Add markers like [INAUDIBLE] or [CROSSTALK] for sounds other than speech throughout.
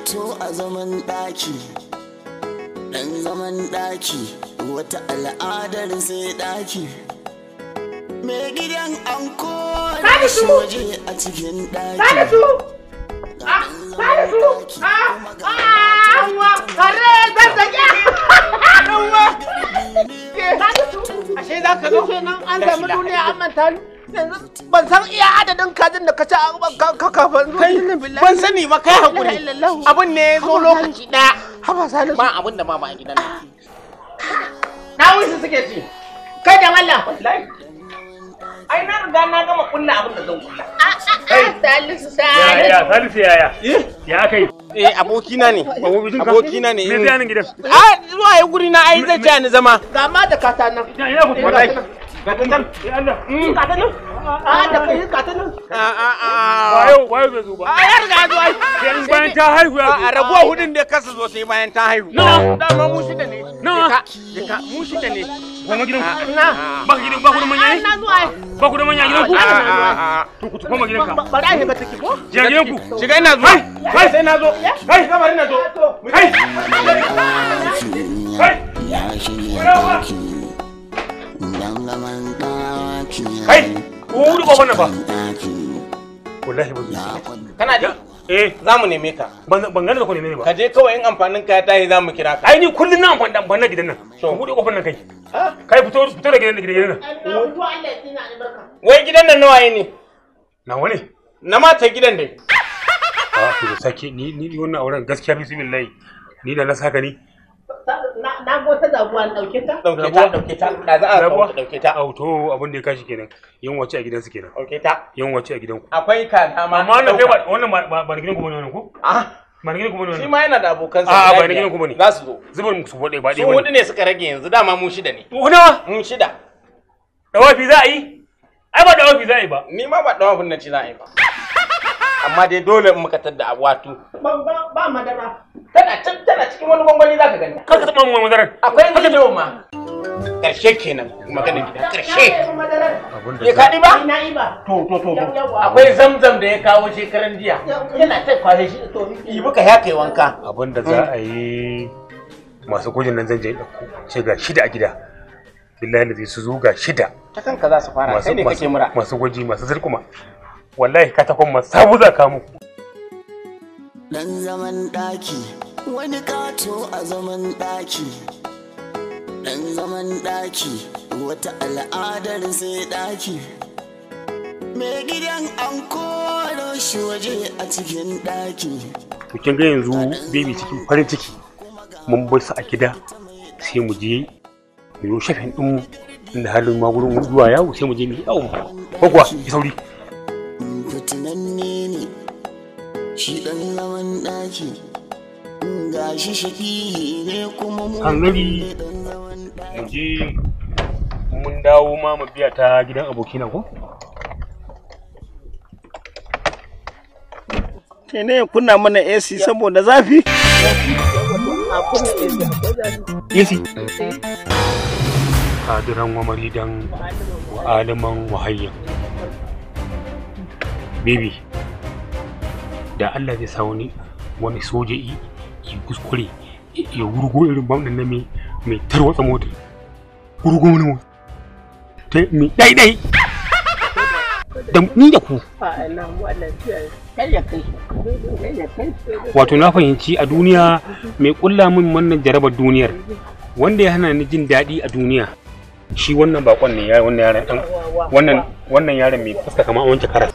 ƙato a zaman ɗaki ɗan zaman ɗaki wata al'adar sai ɗaki mai gidan an kone shi waje a cikin ɗaki ah, ah, ah, Ashe za ka zo kenan an zama duniya an manta yanzu ban san iya adadin kajin da ka ci ka kafin zuwa ban sani ba kai hakuri abin ne ya zo lokaci daya haba salisu ba abin da mama a gidan na na wuce suke ci kai da wallah ai na riga na gama kunna abin da zan kunna salisu salisu eh? ya salisu yaya ya kai eh abokina ne abokina ne me zai gidan a ah, zuwa ya guri na ai zai ci ni zama ga ma da kata nan wallahi gata nan ya Allah gata nan a da kai gata nan a a a wayo wayo bai zo ba a ya riga zo ai yan bayan ta haihu ya a ragowa hudin da kasa zo sai bayan ta haihu na dama mu shida ne na ka mu shida ne goma gidan ku na ba ku gidan ba ku da manya ne ba ku da manya gidan ku a a a to ku koma gidan ka ba da ba take ko je gidan ku shiga ina ya kai wuri ba wannan ba wallahi ba kana ji eh za mu neme ka ban gane da ku neme ba ka je kawai in amfanin ka ta yi za mu kira ka ai ni kullun na amfani da amfanin gidan nan to bude kofar nan kai kai fito fito da gidan nan gidan nan wai gidan nan nawa ne na wani na mata gidan dai a ah, ku sake ni ni wannan auren gaskiya bismillah ni da na saka ni na go ta zabuwa na dauke ta dauke ta ɗauke ta da za a dauke ta auto abin da ya kashi kenan yin wace a gidansu kenan dauke ta yin wace a gidanku akwai kana ma amma wannan kai ba wannan ba da gidanku bane wannan ko a ah. ba ne kuma ne shi ma yana da abokan sa a ba ne kuma ne za su zo zubin su bude ba dai wani su hudu ne suka rage yanzu dama mu shida ne mu nawa mu shida dawafi za a yi ai ba dawafi za a yi ba ni ma ba dawafin na ci za a yi ba amma dai dole in muka tadda abu wato ba madara tana can tana cikin wani gwangwani za ka gani ka taɓa mu madarar akwai ni yau ma karshe kenan maganin gida karshe ya kaɗi ba ina iba to to to akwai zamzam da ya kawo shekaran jiya yana ta kwashe shi to ibi ka ya kai wanka abinda za a yi masu gwajin nan zan je ɗauko ce ga shida a gida billahi da su zo ga shida ta kanka za su fara kai ne kake mura masu gwaji masu zirkuma wallahi katakon ma sabu za ka muku dan zaman daki wani kato a zaman daki dan zaman daki wata al'adar sai daki mai gidan an koro shi waje a cikin daki to kin ga yanzu baby cikin farin ciki mun bar su a gida sai mu je mu yi shafin din inda halin magurin zuwa yawo sai mu je mu yi ko kuwa ki sauri fitinan shi ɗan ɗaki ga shi ne kuma mu hangari mun dawo ma mu biya ta gidan abokina ko Kai ne kunna mana AC saboda zafi? AC. Kadiran wa maridan wa aliman da Allah zai sa wani wani soja yi kuskure ya wurgo irin bam din mai tarwatsa mota wurgo wani mota ta mai dai dai da ni da ku wato na fahimci a duniya mai kulla min wannan jarabar duniyar wanda ya hana ni jin daɗi a duniya shi wannan bakon ne wannan yaron wannan wannan yaron mai fuska kamar wanke karas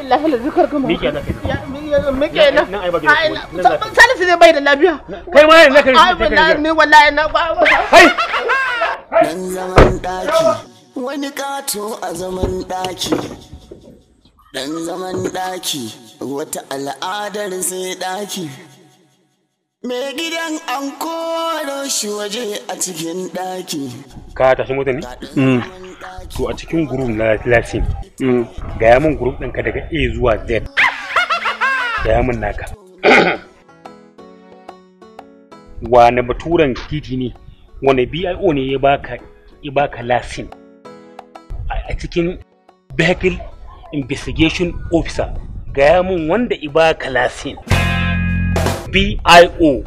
billahi la zikar ke ke na bai da kai kai ni wallahi na ba hai zaman daki wani kato a zaman daki dan zaman daki wata al'adar sai daki mai gidan an koro shi waje a cikin daki ka tashi mutane to a cikin group na latin gaya min group ɗinka daga a zuwa z gaya min naka [CLEARS THROAT] wane baturan titi ne wane bio ne ya baka ya baka lasin a cikin vehicle investigation officer gaya min wanda ya baka lasin bio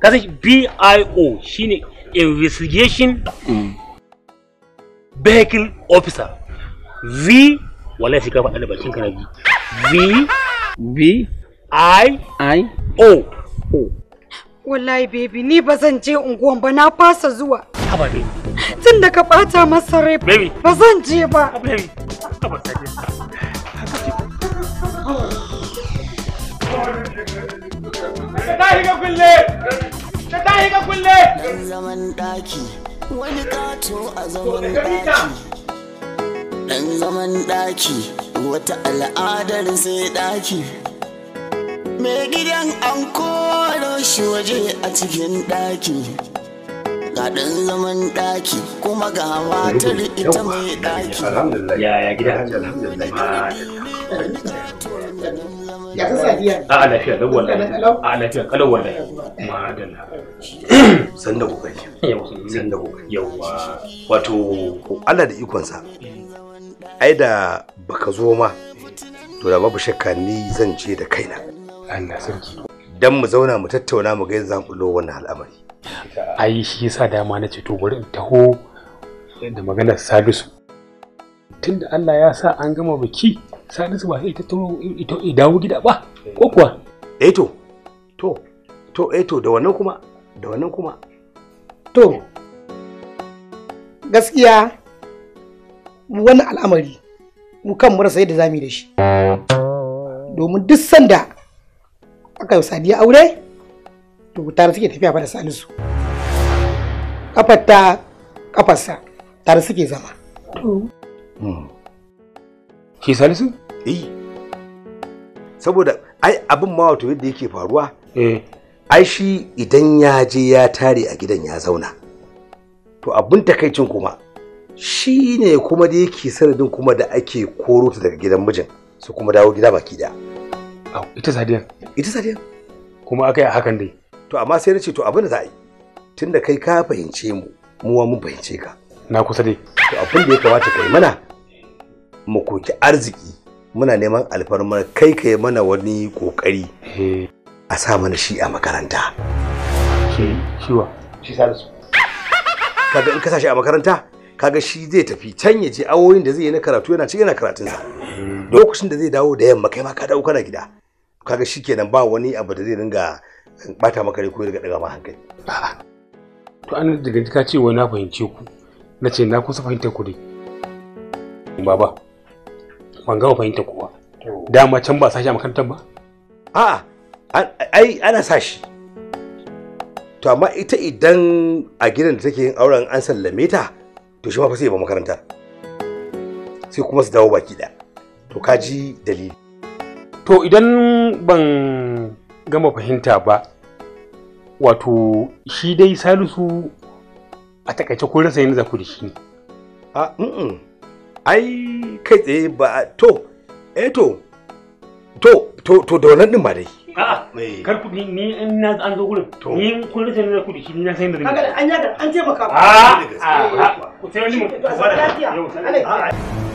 kasan bio shine investigation vehicle officer v wallahi shi ka faɗa da bakin ka na v v i i o o wallahi baby ni ba zan je unguwan ba na fasa zuwa haba baby tun da ka bata masa baby ba zan je ba baby haba ta Ta tahi ka kulle! Ta tahi kulle! Zaman daki. wani kato a zaman daki dan zaman daki wata al'adar sai daki mai gidan an koro shi waje a cikin daki ga dan zaman daki kuma ga matar ita mai daki ya ya gida alhamdulillah ya ta sadiya a lafiya lau wallahi a lafiya kalau wallahi madalla san da kokari san da kokari yawa wato Allah da ikonsa ai da baka zo ma to da babu shakka ni zan ce da kaina Allah sarki dan mu zauna mu tattauna mu ga yadda zan kullo wannan al'amari ai shi yasa dama na ce to bari in taho da maganar Salisu tunda Allah ya sa an gama biki salisu ba ita tun ita dawo gida ba ko kuwa eh to to to eh to da wannan kuma da wannan kuma to gaskiya wani al'amari mu kan mu rasa yadda zamu da shi domin duk sanda aka yi sadiya aure to tare suke tafiya da salisu kafar ta kafarsa tare suke zama to hmm. Ki salisu? Eh. Saboda ai abin ma wato yadda yake faruwa. Eh. Ai shi idan ya je ya tare a gidan ya zauna. To abin takaicin kuma shi ne kuma da yake sanadin kuma da ake koro ta daga gidan mijin su kuma dawo gida baki da. Au, ita sadiyan. Ita sadiyan. Kuma aka yi a hakan dai. To amma sai na ce to abin da za a yi. Tunda kai ka fahimce mu, muwa mun fahimce ka. Na kusa dai. To abin da ya kamata kai mana mu koki arziki muna neman alfarmar kai kai mana wani kokari eh. a sa mana shi a makaranta shi shiwa shi salisu kaga in ka sa shi a makaranta kaga shi zai tafi can ya je awoyin da zai yi na karatu yana cikin yana sa eh. lokacin da zai dawo da yamma kai ma ka dawo kana gida kaga shi kenan ba wani abu da zai dinga bata maka rai ko ya daga ma hankali to an daga ka ce wai na fahimce ku na ce na kusa fahimtar ku dai baba ban gama fahimta kowa dama can ba sashi a makarantar ba a ai ana sashi to amma ita idan a gidan da take yin auren an sallame ta to shi ma fa sai ba makaranta sai kuma su dawo baki da to kaji dalili to idan ban gama fahimta ba wato shi dai salisu a takaice ko rasa yin da shi ne a ai kai tsaye ba to eh to to to to da wannan din ba dai eh. kar ku ni ni in na an zo gurin ni kun rike ne ku diki ni na san da kaga an yaga an taimaka a a ku sai wani mu ba da yau